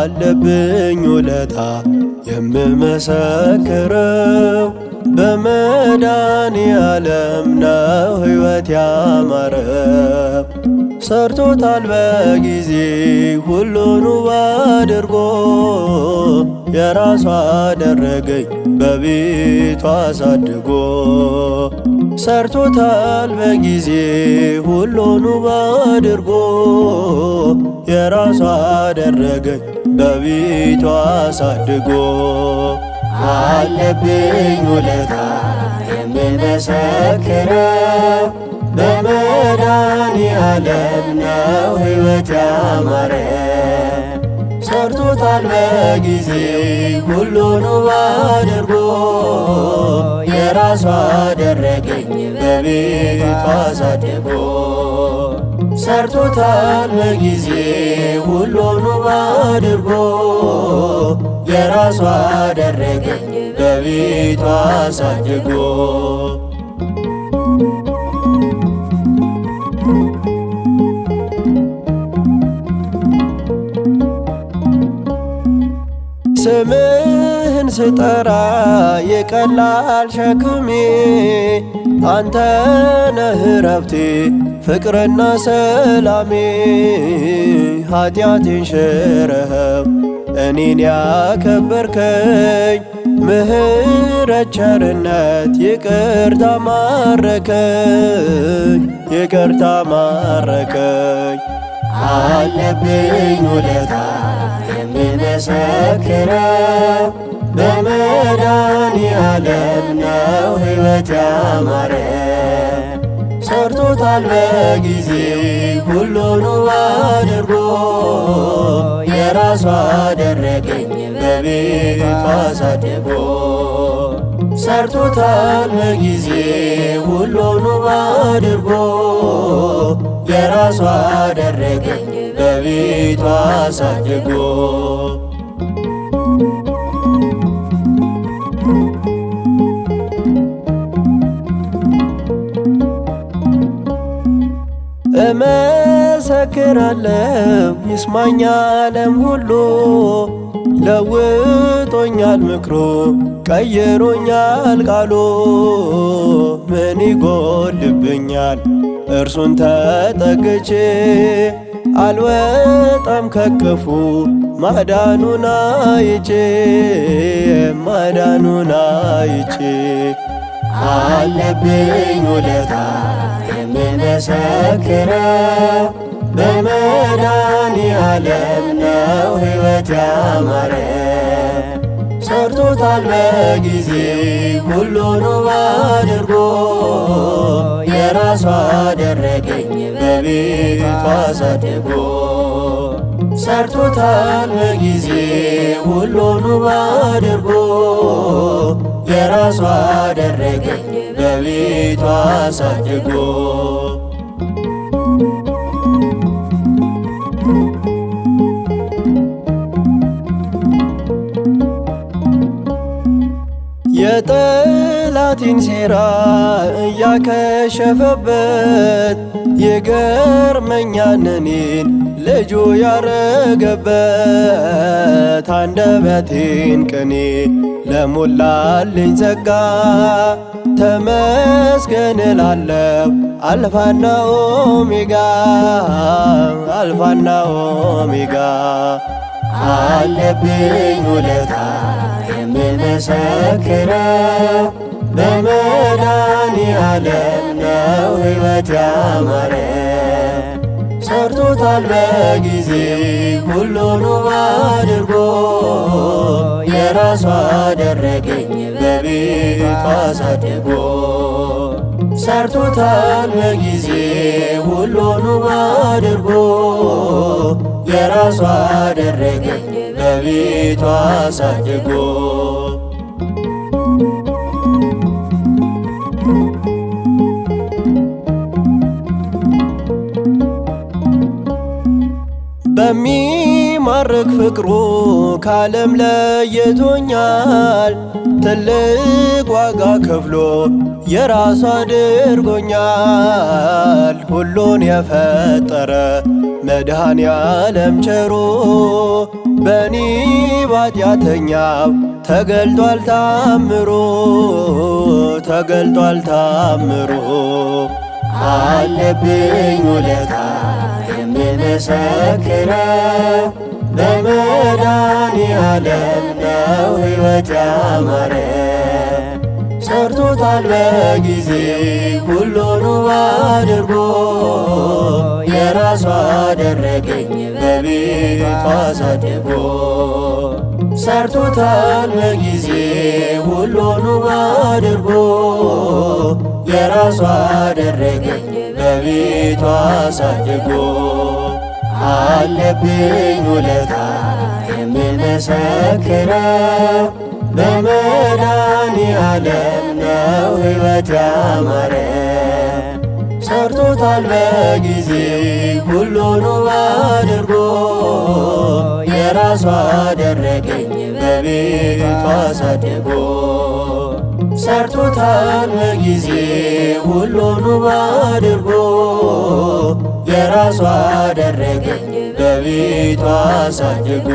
አለብኝ ውለታ የምመሰክረው በመዳን ያለም ነው ሕይወት ያማረው ሰርቶታል በጊዜ ሁሉኑ አድርጎ የራሷ አደረገኝ በቤቷ አሳድጎ ሰርቶታል በጊዜ ሁሉኑ አድርጎ የራሷ አደረገኝ በቤቱ አሳድጎ አለብኝ ውለታ የምመሰክረው በመዳን ያለም ነው ሕይወት ያማረ ሰርቶታል በጊዜ ሁሉኑ አድርጎ የራሱ አደረገኝ በቤቱ አሳድጎ ሰርቶታል በጊዜ ሁሉኑ አድርጎ የራሷ አደረገኝ በቤቷ አሳድጎ ስምህን ስጠራ የቀላል ሸክሜ አንተ ነህ ረብቴ ፍቅርና ሰላሜ ኃጢአቴን ሽረኸው እኔን ያከበርከኝ ምሕረት ቸርነት ይቅርታ ማረከኝ ይቅርታ ማረከኝ አለብኝ ውለታ የሚመሰክረው በመዳ ዘላለም ነው ሕይወት ያማረ ሰርቶታል በጊዜ ሁሉኑ አድርጎ የራሱ አደረገኝ በቤቱ አሳድጎ ሰርቶታል በጊዜ ሁሉኑ አድርጎ የራሱ አደረገኝ በቤቱ አሳድጎ መሰክራለሁ ይስማኛ ዓለም ሁሉ ለውጦኛል ምክሮ ቀየሮኛል ቃሎ ምን ይጎልብኛል እርሱን ተጠግቼ አልወጣም ከክፉ ማዳኑን አይቼ ማዳኑን አይቼ አለብኝ ውለታ ተሰክረ በመዳኒ ዓለም ነው ሕይወት ያማረ ሰርቶታል በጊዜ ሁሉን አድርጎ የራሷ አደረገኝ በቤቱ አሳድጎ ሰርቶታል በጊዜ ሁሉን ውብ አድርጎ የራሱ አደረገኝ በቤቱ አሳድጎ የጠላቲን ሴራ እያከሸፈበት ይገርመኛል እኔን ልጁ ያረገበት አንደበቴን ቅኔ ለሞላልኝ ጸጋ ተመስገን እላለሁ አልፋና ኦሜጋ አልፋና ኦሜጋ አለብኝ ውለታ የመሰክረው በመዳኒ ዓለም ነው ሕይወት ያማረ ሰርቶታል በጊዜ ሁሉኑ አድርጎ የራሱ አደረገኝ በቤቱ አሳድጎ ሰርቶታል በጊዜ ሁሉኑ አድርጎ የራሱ አደረገኝ በቤቱ አሳድጎ የሚማርክ ፍቅሩ ከዓለም ለየቶኛል። ትልቅ ዋጋ ከፍሎ የራሱ አድርጎኛል። ሁሉን የፈጠረ መድኃኔ ዓለም ቸሩ በኒ ባጢአተኛው ተገልጧል ታምሩ ተገልጧል ታምሩ አለብኝ ውለታ ተሰክረ በመዳን ያለም ነው ሕይወት ያማረ ሰርቶታል በጊዜ ሁሉኑ አድርጎ የራሱ አደረገኝ በቤቱ አሳድጎ ሰርቶታል በጊዜ ሁሉኑ አድርጎ የራሱ አደረገኝ በቤቱ አሳድጎ አለብኝ ውለታ የምመሰክረው በመዳኒ ዓለም ነው ሕይወት ያማረ ሰርቶታል በጊዜ ሁሉኑ አድርጎ የራሷ አደረገኝ በቤቷ አሳድጎ ሰርቶታል በጊዜ ሁሉኑ አድርጎ የራሷ አደረገኝ በቤቷ አሳድጎ